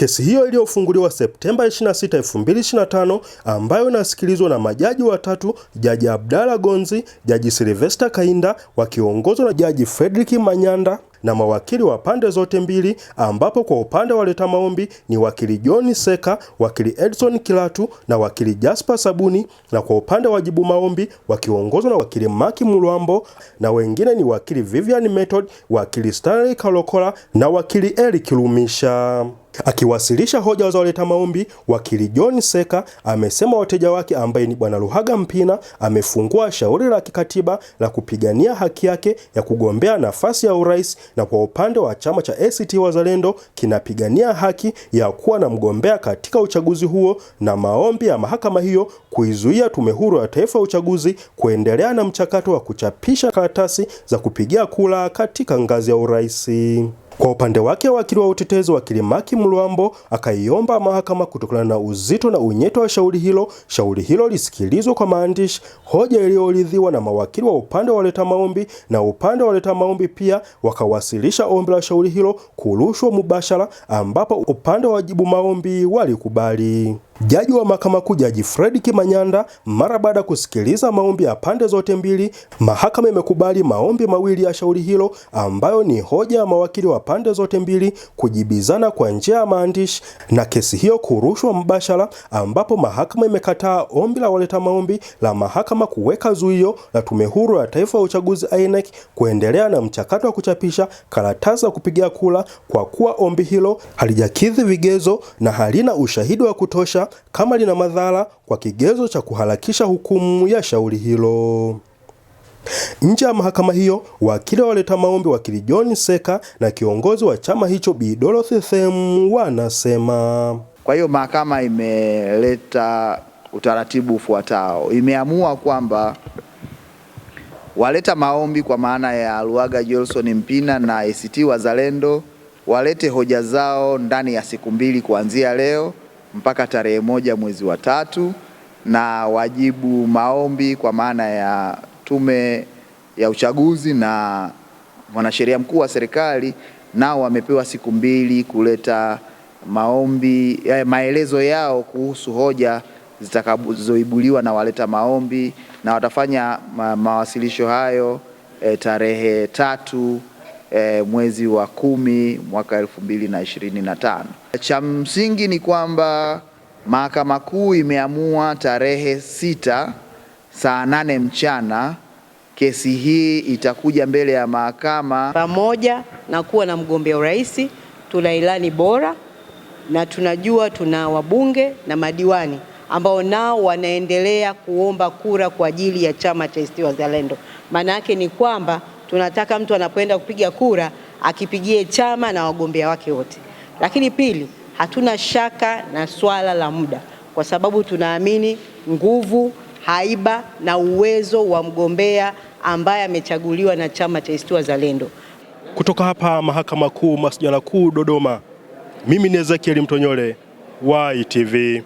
Kesi hiyo iliyofunguliwa Septemba 26, 2025 ambayo inasikilizwa na majaji watatu, Jaji Abdalla Gonzi, Jaji Silvester Kainda wakiongozwa na Jaji Fredrick Manyanda na mawakili wa pande zote mbili, ambapo kwa upande wa leta maombi ni wakili John Seka, wakili Edson Kilatu na wakili Jasper Sabuni, na kwa upande wa jibu maombi wakiongozwa na wakili Maki Mulwambo na wengine ni wakili Vivian Method, wakili Stanley Kalokola na wakili Eric Lumisha. Akiwasilisha hoja za waleta maombi, wakili John Seka amesema wateja wake ambaye ni bwana Luhaga Mpina amefungua shauri la kikatiba la kupigania haki yake ya kugombea nafasi ya urais na kwa upande wa chama cha ACT Wazalendo kinapigania haki ya kuwa na mgombea katika uchaguzi huo na maombi ya mahakama hiyo kuizuia Tume Huru ya Taifa ya Uchaguzi kuendelea na mchakato wa kuchapisha karatasi za kupigia kura katika ngazi ya urais. Kwa upande wake wakili wa utetezi wakili Maki Mlwambo akaiomba mahakama kutokana na uzito na unyeto wa shauri hilo, shauri hilo lisikilizwe kwa maandishi, hoja iliyoridhiwa na mawakili wa upande waleta maombi, na upande waleta maombi pia wakawasilisha ombi la shauri hilo kurushwa mubashara, ambapo upande wa wajibu maombi walikubali. Jaji wa Mahakama Kuu Jaji Fred Kimanyanda, mara baada ya kusikiliza maombi ya pande zote mbili, mahakama imekubali maombi mawili ya shauri hilo ambayo ni hoja ya mawakili wa pande zote mbili kujibizana kwa njia ya maandishi na kesi hiyo kurushwa mbashara, ambapo mahakama imekataa ombi la waleta maombi la mahakama kuweka zuio la Tume Huru ya Taifa ya Uchaguzi INEC kuendelea na mchakato wa kuchapisha karatasi za kupigia kura kwa kuwa ombi hilo halijakidhi vigezo na halina ushahidi wa kutosha kama lina madhara kwa kigezo cha kuharakisha hukumu ya shauri hilo. Nje ya mahakama hiyo, wakili waleta maombi wakili John Seka na kiongozi wa chama hicho Bi Dorothy Them wanasema. Kwa hiyo mahakama imeleta utaratibu ufuatao. Imeamua kwamba waleta maombi kwa maana ya Luhaga Johnson Mpina na ACT Wazalendo walete hoja zao ndani ya siku mbili kuanzia leo mpaka tarehe moja mwezi wa tatu na wajibu maombi kwa maana ya tume ya uchaguzi na mwanasheria mkuu wa serikali nao wamepewa siku mbili kuleta maombi ya maelezo yao kuhusu hoja zitakazoibuliwa na waleta maombi na watafanya ma, mawasilisho hayo e, tarehe tatu e, mwezi wa kumi mwaka elfu mbili na ishirini na tano. Cha msingi ni kwamba Mahakama Kuu imeamua tarehe sita saa nane mchana kesi hii itakuja mbele ya mahakama. Pamoja na kuwa na mgombea urais, tuna ilani bora na tunajua tuna wabunge na madiwani ambao nao wanaendelea kuomba kura kwa ajili ya chama cha ACT Wazalendo. Maana yake ni kwamba tunataka mtu anapoenda kupiga kura akipigie chama na wagombea wake wote. Lakini pili, hatuna shaka na swala la muda, kwa sababu tunaamini nguvu, haiba na uwezo wa mgombea ambaye amechaguliwa na chama cha ACT Wazalendo. Kutoka hapa Mahakama Kuu Masjala Kuu Dodoma, mimi ni Ezekiel Mtonyole wa ITV.